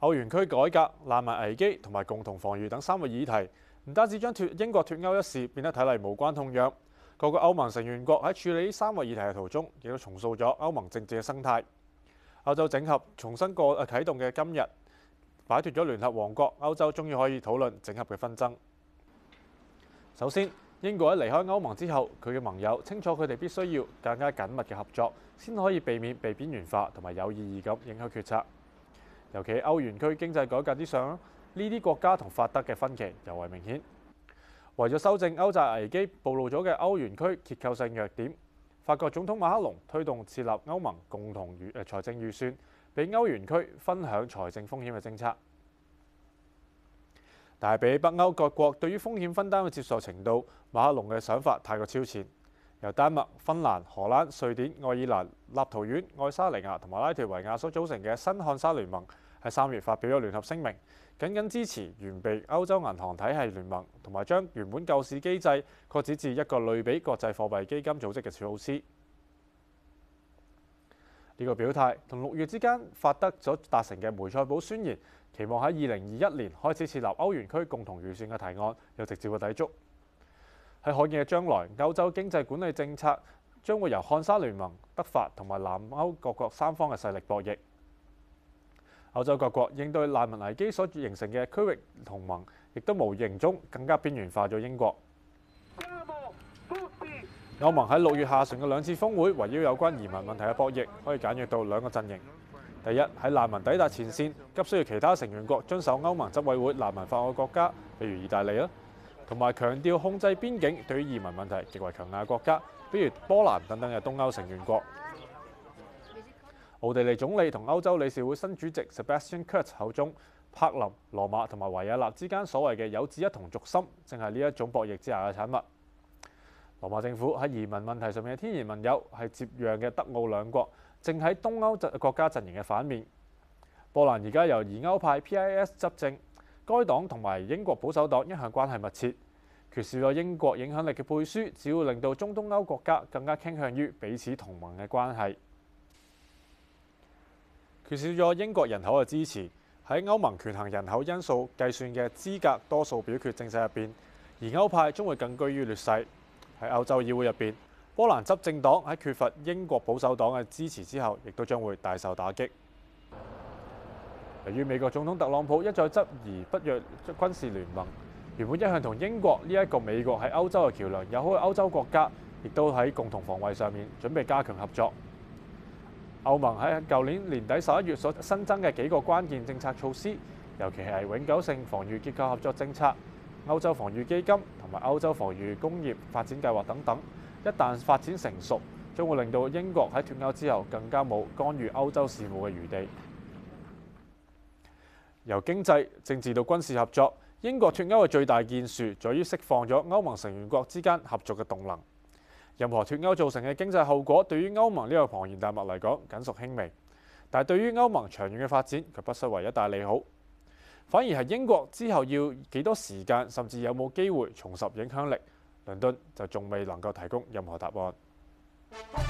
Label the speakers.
Speaker 1: 歐元區改革、難民危機同埋共同防禦等三個議題，唔單止將脫英國脫歐一事變得睇嚟無關痛癢，各個歐盟成員國喺處理三個議題嘅途中，亦都重塑咗歐盟政治嘅生態。歐洲整合重新過啟動嘅今日，擺脫咗聯合王國，歐洲終於可以討論整合嘅紛爭。首先，英國喺離開歐盟之後，佢嘅盟友清楚佢哋必須要更加緊密嘅合作，先可以避免被邊緣化同埋有意義咁影響決策。尤其歐元區經濟改革之上，呢啲國家同法德嘅分歧尤為明顯。為咗修正歐債危機暴露咗嘅歐元區結構性弱點，法國總統馬克龍推動設立歐盟共同預財政預算，俾歐元區分享財政風險嘅政策。但係，比起北歐各國對於風險分擔嘅接受程度，馬克龍嘅想法太過超前。由丹麥、芬蘭、荷蘭、瑞典、愛爾蘭、立陶宛、愛沙尼亞同埋拉脫維亞所組成嘅新漢沙聯盟喺三月發表咗聯合聲明，僅僅支持原備歐洲銀行體系聯盟，同埋將原本救市機制擴展至一個類比國際貨幣基金組織嘅措施。呢、這個表態同六月之間法德所達成嘅梅塞堡宣言，期望喺二零二一年開始設立歐元區共同預算嘅提案有直接嘅抵觸。喺可見嘅將來，歐洲經濟管理政策將會由漢沙聯盟、德法同埋南歐各國三方嘅勢力博弈。歐洲各國應對難民危機所形成嘅區域同盟，亦都無形中更加邊緣化咗英國。歐盟喺六月下旬嘅兩次峰會，圍繞有關移民問題嘅博弈，可以簡約到兩個陣營。第一，喺難民抵達前線急需要其他成員國遵守歐盟執委會難民法嘅國家，比如意大利啦；同埋強調控制邊境對於移民問題極為強硬嘅國家，比如波蘭等等嘅東歐成員國。奧地利總理同歐洲理事會新主席 Sebastian Kurz 口中，柏林、羅馬同埋維也納之間所謂嘅有志一同、軸心，正係呢一種博弈之下嘅產物。羅馬政府喺移民問題上面嘅天然盟友係接壤嘅德奧兩國，正喺東歐陣國家陣營嘅反面。波蘭而家由疑歐派 PIS 執政，該黨同埋英國保守黨一向關係密切。缺少咗英國影響力嘅背書，只會令到中東歐國家更加傾向於彼此同盟嘅關係。缺少咗英國人口嘅支持，喺歐盟權衡人口因素計算嘅資格多數表決政策入邊，疑歐派將會更居於劣勢。喺歐洲議會入面，波蘭執政黨喺缺乏英國保守黨嘅支持之後，亦都將會大受打擊。由於美國總統特朗普一再質疑北約軍事聯盟，原本一向同英國呢一個美國喺歐洲嘅橋梁有好嘅歐洲國家亦都喺共同防衛上面準備加強合作。歐盟喺舊年年底十一月所新增嘅幾個關鍵政策措施，尤其係永久性防禦結構合作政策。歐洲防禦基金同埋歐洲防禦工業發展計劃等等，一旦發展成熟，將會令到英國喺脱歐之後更加冇干預歐洲事務嘅餘地。由經濟、政治到軍事合作，英國脱歐嘅最大建樹，在於釋放咗歐盟成員國之間合作嘅動能。任何脱歐造成嘅經濟後果，對於歐盟呢個龐然大物嚟講，僅屬輕微；但係對於歐盟長遠嘅發展，卻不失為一大利好。反而係英國之後要幾多時間，甚至有冇機會重拾影響力，倫敦就仲未能夠提供任何答案。